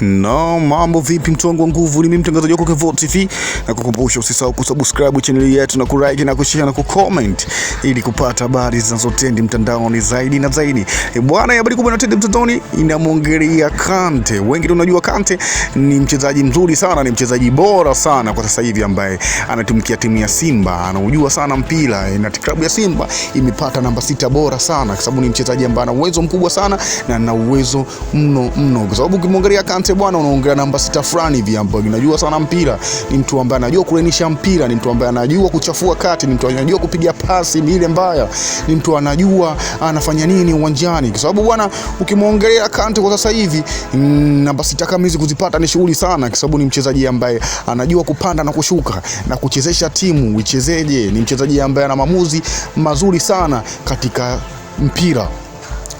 No, mambo vipi mtongo wa nguvu? Ni mimi mtangazaji wako Kevoo TV na kukumbusha usisahau kusubscribe channel yetu na kulike na kushare na kucomment ili kupata habari zinazotendi mtandaoni zaidi na zaidi. E bwana, habari kubwa inatendi mtandaoni inamwongelea Kante. Wengi tunajua Kante ni mchezaji mzuri sana, ni mchezaji bora sana kwa sasa hivi ambaye anatumikia timu ya Simba, anaujua sana mpira e, na klabu ya Simba imepata namba sita bora sana kwa sababu ni mchezaji ambaye ana uwezo mkubwa sana na ana uwezo mno mno kwa sababu ukimwangalia Kante wote bwana, unaongea namba sita fulani hivi ambaye anajua sana mpira, ni mtu ambaye anajua kulainisha mpira, ni mtu ambaye anajua kuchafua kati, ni mtu anajua kupiga pasi ile mbaya, ni mtu anajua anafanya nini uwanjani, kwa sababu bwana, ukimwongelea Kante kwa sasa hivi mm, namba sita kama hizi kuzipata ni shughuli sana, kwa sababu ni mchezaji ambaye anajua kupanda na kushuka na kuchezesha timu ichezeje. Ni mchezaji ambaye ana maamuzi mazuri sana katika mpira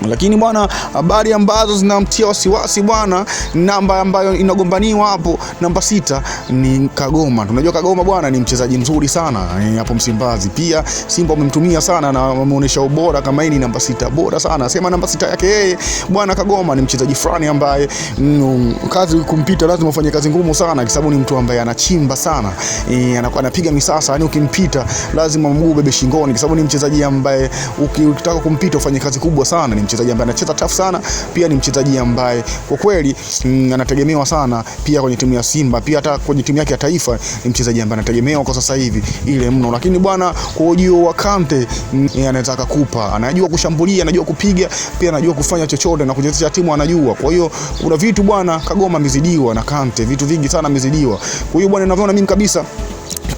lakini bwana, habari ambazo zinamtia wasiwasi bwana, namba ambayo inagombaniwa hapo namba sita ni Kagoma. Tunajua Kagoma bwana ni mchezaji mzuri sana e, hapo Msimbazi, pia Simba wamemtumia sana na wameonyesha ubora, kama hii ni namba sita bora sana, sema namba sita yake yeye bwana. Kagoma ni mchezaji fulani ambaye mm, kazi kumpita lazima ufanye kazi ngumu sana, kwa sababu ni mtu ambaye anachimba sana e, anakuwa anapiga misasa, yani ukimpita lazima mguu ubebe shingoni, kwa sababu ni mchezaji ambaye ukitaka kumpita ufanye kazi kubwa sana ni mchezaji ambaye anacheza tafu sana, pia ni mchezaji ambaye kwa kweli mm, anategemewa sana pia kwenye timu ya Simba, pia hata kwenye timu yake ya taifa ni mchezaji ambaye anategemewa kwa sasa hivi ile mno. Lakini bwana, kwa ujio wa Kante, mm, anaweza akakupa, anajua kushambulia, anajua kupiga, pia anajua kufanya chochote na kuchezesha timu anajua. Kwa hiyo kuna vitu bwana, Kagoma amezidiwa na Kante, vitu vingi sana amezidiwa. Kwa hiyo bwana, ninavyoona mimi kabisa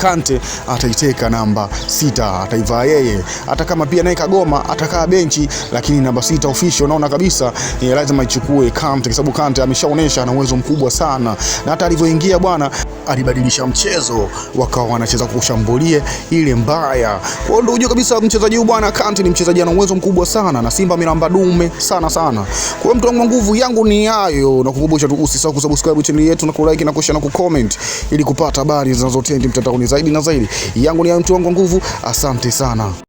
Kante ataiteka namba sita, ataivaa yeye. Hata kama pia naye Kagoma atakaa benchi, lakini namba sita official naona kabisa ni lazima ichukue Kante kwa sababu Kante ameshaonesha ana uwezo mkubwa sana, na hata alivyoingia bwana alibadilisha mchezo, wakawa wanacheza kushambulia ile mbaya. Kwa hiyo unajua kabisa mchezaji huyu bwana Kante ni mchezaji ana uwezo mkubwa sana, na Simba miramba dume sana sana. Kwa hiyo mtu wangu nguvu yangu ni hayo, na kukumbusha tu usisahau kusubscribe channel yetu na kulike na kushare na kucomment ili kupata habari zinazotendi mtandaoni zaidi na zaidi. Yangu ni ya mtu wangu nguvu. Asante sana.